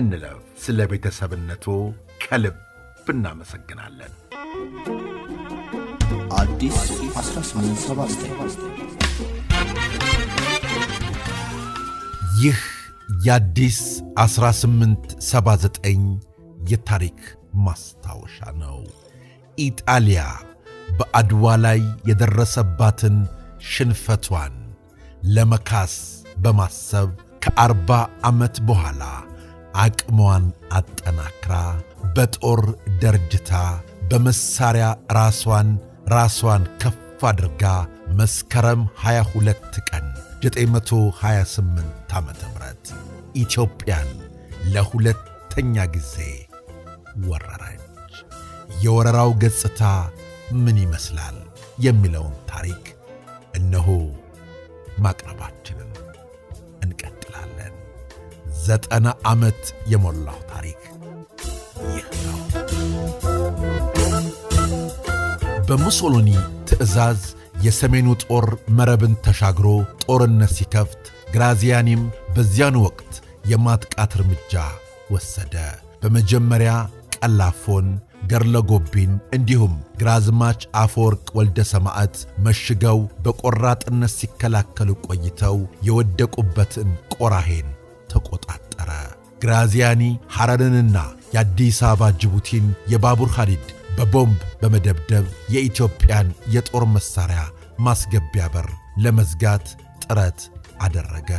እንለፍ። ስለ ቤተሰብነቱ ከልብ እናመሰግናለን። ይህ የአዲስ 1879 የታሪክ ማስታወሻ ነው። ኢጣሊያ በአድዋ ላይ የደረሰባትን ሽንፈቷን ለመካስ በማሰብ ከአርባ ዓመት በኋላ አቅሟን አጠናክራ በጦር ደርጅታ በመሳሪያ ራሷን ራሷን ከፍ አድርጋ መስከረም 22 ቀን 928 ዓ ም ኢትዮጵያን ለሁለተኛ ጊዜ ወረረች። የወረራው ገጽታ ምን ይመስላል የሚለውን ታሪክ እነሆ ማቅረባችንን እንቀጥላለን። ዘጠና ዓመት የሞላው ታሪክ ይህ ነው። በሙሶሎኒ ትዕዛዝ የሰሜኑ ጦር መረብን ተሻግሮ ጦርነት ሲከፍት፣ ግራዚያኒም በዚያን ወቅት የማጥቃት እርምጃ ወሰደ። በመጀመሪያ ቀላፎን ገርለጎቢን እንዲሁም ግራዝማች አፈወርቅ ወልደ ሰማዕት መሽገው በቆራጥነት ሲከላከሉ ቆይተው የወደቁበትን ቆራሄን ተቆጣጠረ። ግራዚያኒ ሐረርንና የአዲስ አበባ ጅቡቲን የባቡር ሐዲድ በቦምብ በመደብደብ የኢትዮጵያን የጦር መሣሪያ ማስገቢያ በር ለመዝጋት ጥረት አደረገ።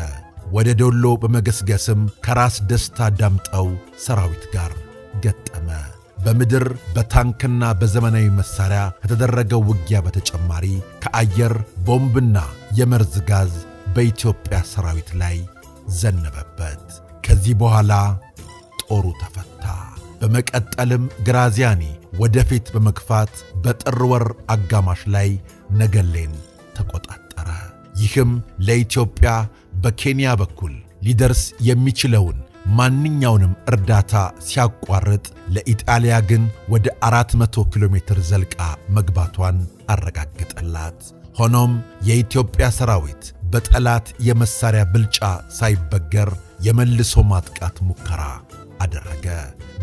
ወደ ዶሎ በመገስገስም ከራስ ደስታ ዳምጠው ሰራዊት ጋር ገጠመ። በምድር በታንክና በዘመናዊ መሣሪያ ከተደረገው ውጊያ በተጨማሪ ከአየር ቦምብና የመርዝ ጋዝ በኢትዮጵያ ሰራዊት ላይ ዘነበበት። ከዚህ በኋላ ጦሩ ተፈታ። በመቀጠልም ግራዚያኒ ወደፊት በመግፋት በጥር ወር አጋማሽ ላይ ነገሌን ተቆጣጠረ። ይህም ለኢትዮጵያ በኬንያ በኩል ሊደርስ የሚችለውን ማንኛውንም እርዳታ ሲያቋርጥ ለኢጣሊያ ግን ወደ 400 ኪሎ ሜትር ዘልቃ መግባቷን አረጋግጠላት ሆኖም የኢትዮጵያ ሰራዊት በጠላት የመሳሪያ ብልጫ ሳይበገር የመልሶ ማጥቃት ሙከራ አደረገ።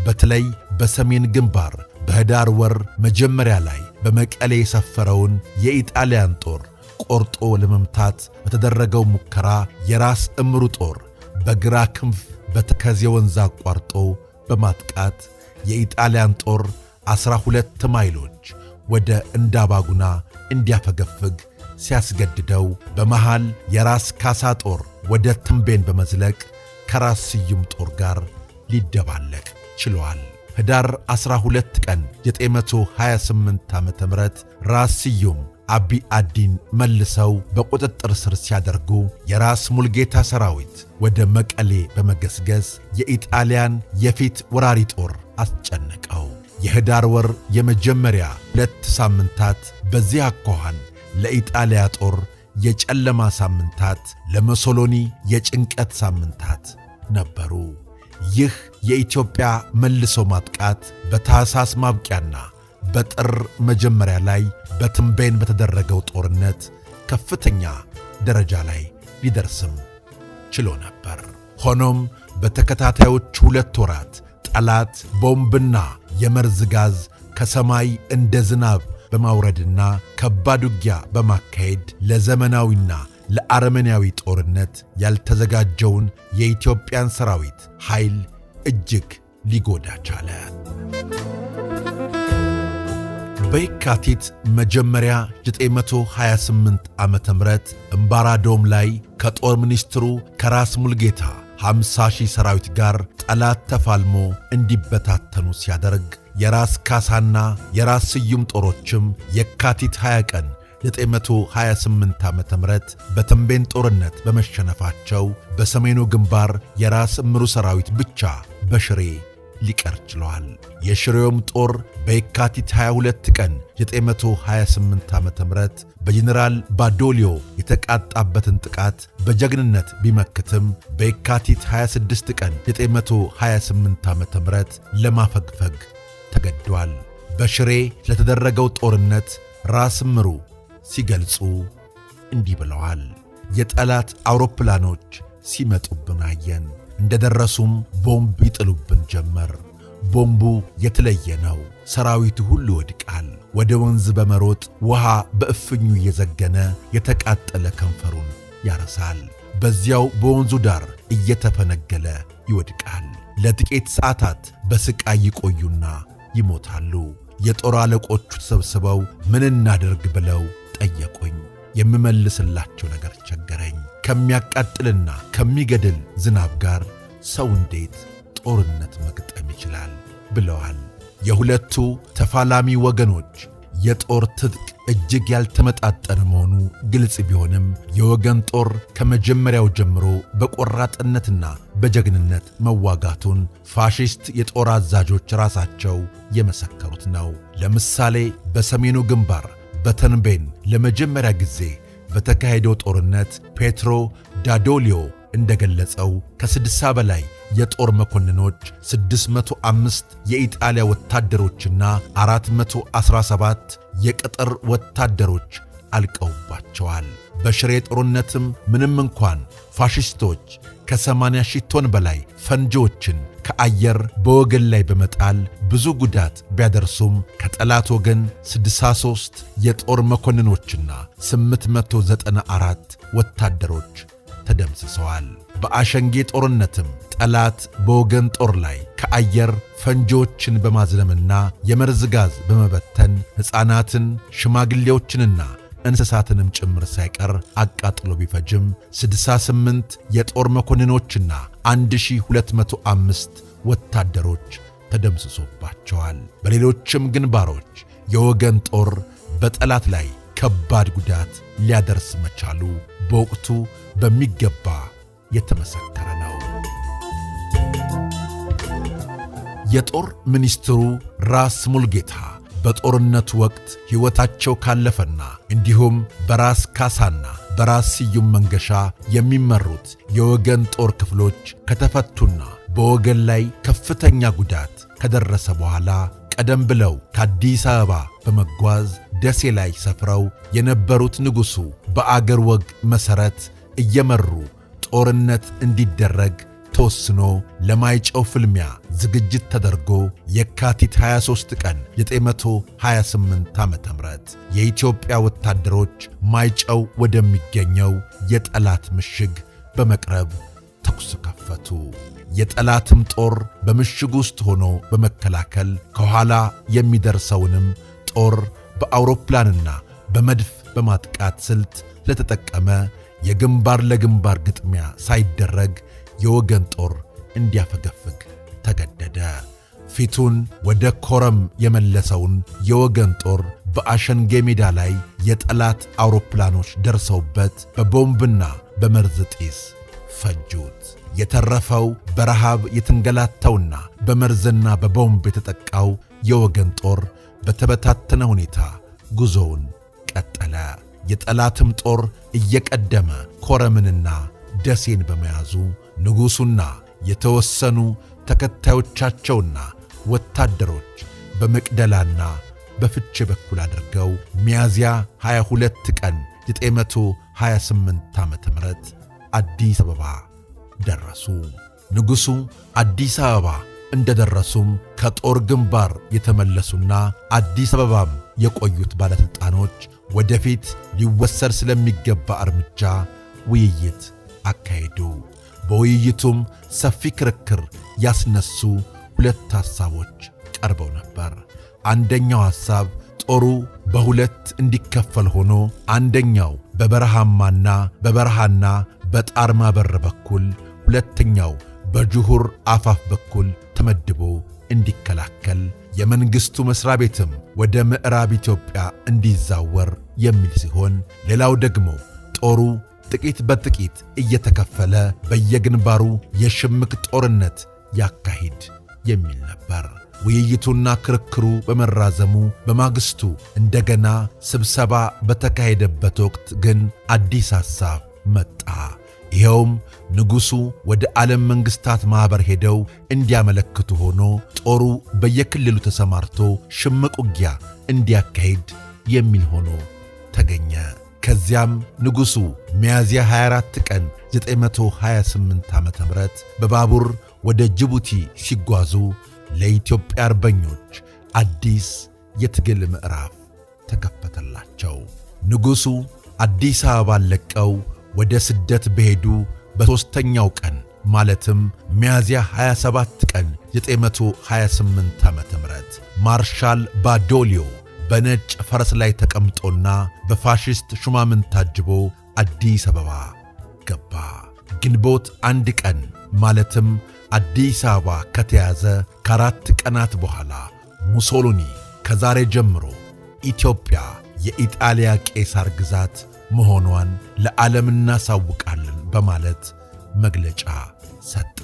በተለይ በሰሜን ግንባር በህዳር ወር መጀመሪያ ላይ በመቀሌ የሰፈረውን የኢጣሊያን ጦር ቆርጦ ለመምታት በተደረገው ሙከራ የራስ እምሩ ጦር በግራ ክንፍ በተከዜ ወንዝ አቋርጦ በማጥቃት የኢጣሊያን ጦር ዐሥራ ሁለት ማይሎች ወደ እንዳባጉና እንዲያፈገፍግ ሲያስገድደው በመሃል የራስ ካሳ ጦር ወደ ትምቤን በመዝለቅ ከራስ ስዩም ጦር ጋር ሊደባለቅ ችሏል። ህዳር 12 ቀን 928 ዓ ም ራስ ስዩም አቢ አዲን መልሰው በቁጥጥር ስር ሲያደርጉ የራስ ሙልጌታ ሰራዊት ወደ መቀሌ በመገስገስ የኢጣሊያን የፊት ወራሪ ጦር አስጨነቀው። የህዳር ወር የመጀመሪያ ሁለት ሳምንታት በዚህ አኳኋን ለኢጣሊያ ጦር የጨለማ ሳምንታት፣ ለመሶሎኒ የጭንቀት ሳምንታት ነበሩ። ይህ የኢትዮጵያ መልሶ ማጥቃት በታህሳስ ማብቂያና በጥር መጀመሪያ ላይ በትንቤን በተደረገው ጦርነት ከፍተኛ ደረጃ ላይ ሊደርስም ችሎ ነበር። ሆኖም በተከታታዮች ሁለት ወራት ጠላት ቦምብና የመርዝ ጋዝ ከሰማይ እንደ ዝናብ በማውረድና ከባድ ውጊያ በማካሄድ ለዘመናዊና ለአረመኔያዊ ጦርነት ያልተዘጋጀውን የኢትዮጵያን ሰራዊት ኃይል እጅግ ሊጎዳ ቻለ። በየካቲት መጀመሪያ 928 ዓ ም እምባራዶም ላይ ከጦር ሚኒስትሩ ከራስ ሙልጌታ 50 ሺህ ሰራዊት ጋር ጠላት ተፋልሞ እንዲበታተኑ ሲያደርግ የራስ ካሳና የራስ ስዩም ጦሮችም የካቲት 20 ቀን 928 ዓ ም በተንቤን ጦርነት በመሸነፋቸው በሰሜኑ ግንባር የራስ እምሩ ሰራዊት ብቻ በሽሬ ሊቀር ችለዋል። የሽሬውም ጦር በየካቲት 22 ቀን 928 ዓ ም በጀኔራል ባዶሊዮ የተቃጣበትን ጥቃት በጀግንነት ቢመክትም በየካቲት 26 ቀን 928 ዓ ም ለማፈግፈግ ተገዷል። በሽሬ ለተደረገው ጦርነት ራስ ምሩ ሲገልጹ እንዲህ ብለዋል። የጠላት አውሮፕላኖች ሲመጡብን አየን። እንደደረሱም ቦምብ ይጥሉብን ጀመር። ቦምቡ የተለየ ነው። ሰራዊቱ ሁሉ ይወድቃል። ወደ ወንዝ በመሮጥ ውሃ በእፍኙ እየዘገነ የተቃጠለ ከንፈሩን ያረሳል። በዚያው በወንዙ ዳር እየተፈነገለ ይወድቃል። ለጥቂት ሰዓታት በስቃይ ይቆዩና ይሞታሉ። የጦር አለቆቹ ተሰብስበው ምን እናደርግ ብለው ጠየቁኝ። የምመልስላቸው ነገር ቸገረኝ። ከሚያቃጥልና ከሚገድል ዝናብ ጋር ሰው እንዴት ጦርነት መግጠም ይችላል ብለዋል። የሁለቱ ተፋላሚ ወገኖች የጦር ትጥቅ እጅግ ያልተመጣጠነ መሆኑ ግልጽ ቢሆንም የወገን ጦር ከመጀመሪያው ጀምሮ በቆራጥነትና በጀግንነት መዋጋቱን ፋሺስት የጦር አዛዦች ራሳቸው የመሰከሩት ነው። ለምሳሌ በሰሜኑ ግንባር በተንቤን ለመጀመሪያ ጊዜ በተካሄደው ጦርነት ፔትሮ ዳዶሊዮ እንደገለጸው ከስድሳ በላይ የጦር መኮንኖች፣ 605 የኢጣሊያ ወታደሮችና 417 የቀጠር ወታደሮች አልቀውባቸዋል። በሽሬ ጦርነትም ምንም እንኳን ፋሽስቶች ከ80 ሺህ ቶን በላይ ፈንጂዎችን ከአየር በወገን ላይ በመጣል ብዙ ጉዳት ቢያደርሱም ከጠላት ወገን 63 የጦር መኮንኖችና 894 ወታደሮች ተደምስሰዋል። በአሸንጌ ጦርነትም ጠላት በወገን ጦር ላይ ከአየር ፈንጂዎችን በማዝለምና የመርዝ ጋዝ በመበተን ሕፃናትን ሽማግሌዎችንና እንስሳትንም ጭምር ሳይቀር አቃጥሎ ቢፈጅም 68 የጦር መኮንኖችና 1205 ወታደሮች ተደምስሶባቸዋል። በሌሎችም ግንባሮች የወገን ጦር በጠላት ላይ ከባድ ጉዳት ሊያደርስ መቻሉ በወቅቱ በሚገባ የተመሰከረ ነው። የጦር ሚኒስትሩ ራስ ሙልጌታ በጦርነት ወቅት ሕይወታቸው ካለፈና እንዲሁም በራስ ካሳና በራስ ስዩም መንገሻ የሚመሩት የወገን ጦር ክፍሎች ከተፈቱና በወገን ላይ ከፍተኛ ጉዳት ከደረሰ በኋላ ቀደም ብለው ከአዲስ አበባ በመጓዝ ደሴ ላይ ሰፍረው የነበሩት ንጉሡ በአገር ወግ መሠረት እየመሩ ጦርነት እንዲደረግ ተወስኖ ለማይጨው ፍልሚያ ዝግጅት ተደርጎ የካቲት 23 ቀን 928 ዓ ም የኢትዮጵያ ወታደሮች ማይጨው ወደሚገኘው የጠላት ምሽግ በመቅረብ ተኩስ ከፈቱ። የጠላትም ጦር በምሽግ ውስጥ ሆኖ በመከላከል ከኋላ የሚደርሰውንም ጦር በአውሮፕላንና በመድፍ በማጥቃት ስልት ለተጠቀመ የግንባር ለግንባር ግጥሚያ ሳይደረግ የወገን ጦር እንዲያፈገፍግ ተገደደ። ፊቱን ወደ ኮረም የመለሰውን የወገን ጦር በአሸንጌ ሜዳ ላይ የጠላት አውሮፕላኖች ደርሰውበት በቦምብና በመርዝ ጢስ ፈጁት። የተረፈው በረሃብ የተንገላታውና በመርዝና በቦምብ የተጠቃው የወገን ጦር በተበታተነ ሁኔታ ጉዞውን ቀጠለ። የጠላትም ጦር እየቀደመ ኮረምንና ደሴን በመያዙ ንጉሡና የተወሰኑ ተከታዮቻቸውና ወታደሮች በመቅደላና በፍቼ በኩል አድርገው ሚያዝያ 22 ቀን 928 ዓ ም አዲስ አበባ ደረሱ። ንጉሡ አዲስ አበባ እንደ ደረሱም ከጦር ግንባር የተመለሱና አዲስ አበባም የቆዩት ባለሥልጣኖች ወደፊት ሊወሰድ ስለሚገባ እርምጃ ውይይት አካሄዱ። በውይይቱም ሰፊ ክርክር ያስነሱ ሁለት ሐሳቦች ቀርበው ነበር። አንደኛው ሐሳብ ጦሩ በሁለት እንዲከፈል ሆኖ አንደኛው በበረሃማና በበረሃና በጣርማ በር በኩል ሁለተኛው በጅሁር አፋፍ በኩል ተመድቦ እንዲከላከል የመንግሥቱ መሥሪያ ቤትም ወደ ምዕራብ ኢትዮጵያ እንዲዛወር የሚል ሲሆን፣ ሌላው ደግሞ ጦሩ ጥቂት በጥቂት እየተከፈለ በየግንባሩ የሽምቅ ጦርነት ያካሂድ የሚል ነበር። ውይይቱና ክርክሩ በመራዘሙ በማግስቱ እንደገና ስብሰባ በተካሄደበት ወቅት ግን አዲስ ሐሳብ መጣ። ይኸውም ንጉሡ ወደ ዓለም መንግሥታት ማኅበር ሄደው እንዲያመለክቱ ሆኖ ጦሩ በየክልሉ ተሰማርቶ ሽምቅ ውጊያ እንዲያካሂድ የሚል ሆኖ ተገኘ። ከዚያም ንጉሡ ሚያዝያ 24 ቀን 928 ዓ ም በባቡር ወደ ጅቡቲ ሲጓዙ ለኢትዮጵያ አርበኞች አዲስ የትግል ምዕራፍ ተከፈተላቸው። ንጉሡ አዲስ አበባን ለቀው ወደ ስደት በሄዱ በሦስተኛው ቀን ማለትም ሚያዝያ 27 ቀን 928 ዓ ም ማርሻል ባዶሊዮ በነጭ ፈረስ ላይ ተቀምጦና በፋሽስት ሹማምን ታጅቦ አዲስ አበባ ገባ። ግንቦት አንድ ቀን ማለትም አዲስ አበባ ከተያዘ ከአራት ቀናት በኋላ ሙሶሎኒ ከዛሬ ጀምሮ ኢትዮጵያ የኢጣሊያ ቄሳር ግዛት መሆኗን ለዓለም እናሳውቃለን በማለት መግለጫ ሰጠ።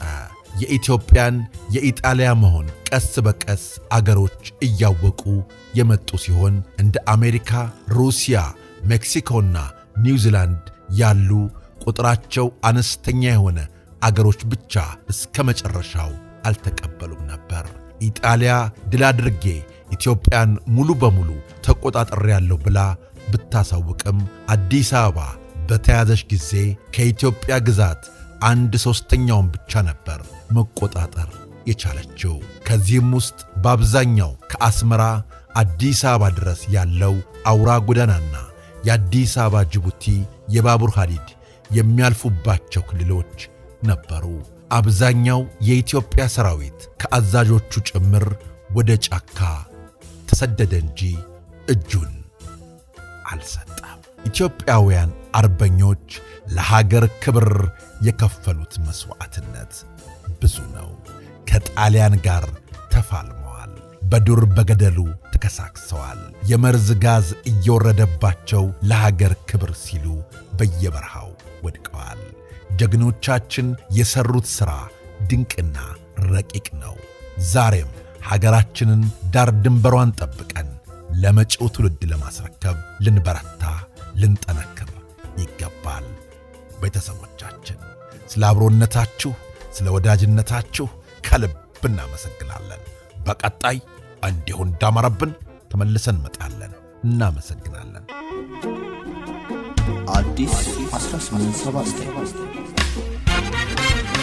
የኢትዮጵያን የኢጣሊያ መሆን ቀስ በቀስ አገሮች እያወቁ የመጡ ሲሆን እንደ አሜሪካ፣ ሩሲያ፣ ሜክሲኮና ኒውዚላንድ ያሉ ቁጥራቸው አነስተኛ የሆነ አገሮች ብቻ እስከ መጨረሻው አልተቀበሉም ነበር። ኢጣሊያ ድል አድርጌ ኢትዮጵያን ሙሉ በሙሉ ተቆጣጠሬያለሁ ብላ ብታሳውቅም አዲስ አበባ በተያዘች ጊዜ ከኢትዮጵያ ግዛት አንድ ሦስተኛውን ብቻ ነበር መቆጣጠር የቻለችው። ከዚህም ውስጥ በአብዛኛው ከአስመራ አዲስ አበባ ድረስ ያለው አውራ ጎዳናና የአዲስ አበባ ጅቡቲ የባቡር ሐዲድ የሚያልፉባቸው ክልሎች ነበሩ። አብዛኛው የኢትዮጵያ ሰራዊት ከአዛዦቹ ጭምር ወደ ጫካ ተሰደደ እንጂ እጁን አልሰጠም። ኢትዮጵያውያን አርበኞች ለሀገር ክብር የከፈሉት መሥዋዕትነት ብዙ ነው። ከጣሊያን ጋር ተፋልመዋል። በዱር በገደሉ ተከሳክሰዋል። የመርዝ ጋዝ እየወረደባቸው ለሀገር ክብር ሲሉ በየበረሃው ወድቀዋል። ጀግኖቻችን የሠሩት ሥራ ድንቅና ረቂቅ ነው። ዛሬም ሀገራችንን ዳር ድንበሯን ጠብቀን ለመጪው ትውልድ ለማስረከብ ልንበረታ፣ ልንጠነክር ይገባል። ቤተሰቦቻችን ስለ አብሮነታችሁ፣ ስለ ወዳጅነታችሁ ከልብ እናመሰግናለን። በቀጣይ እንዲሁ እንዳማረብን ተመልሰን እንመጣለን። እናመሰግናለን። አዲስ 1879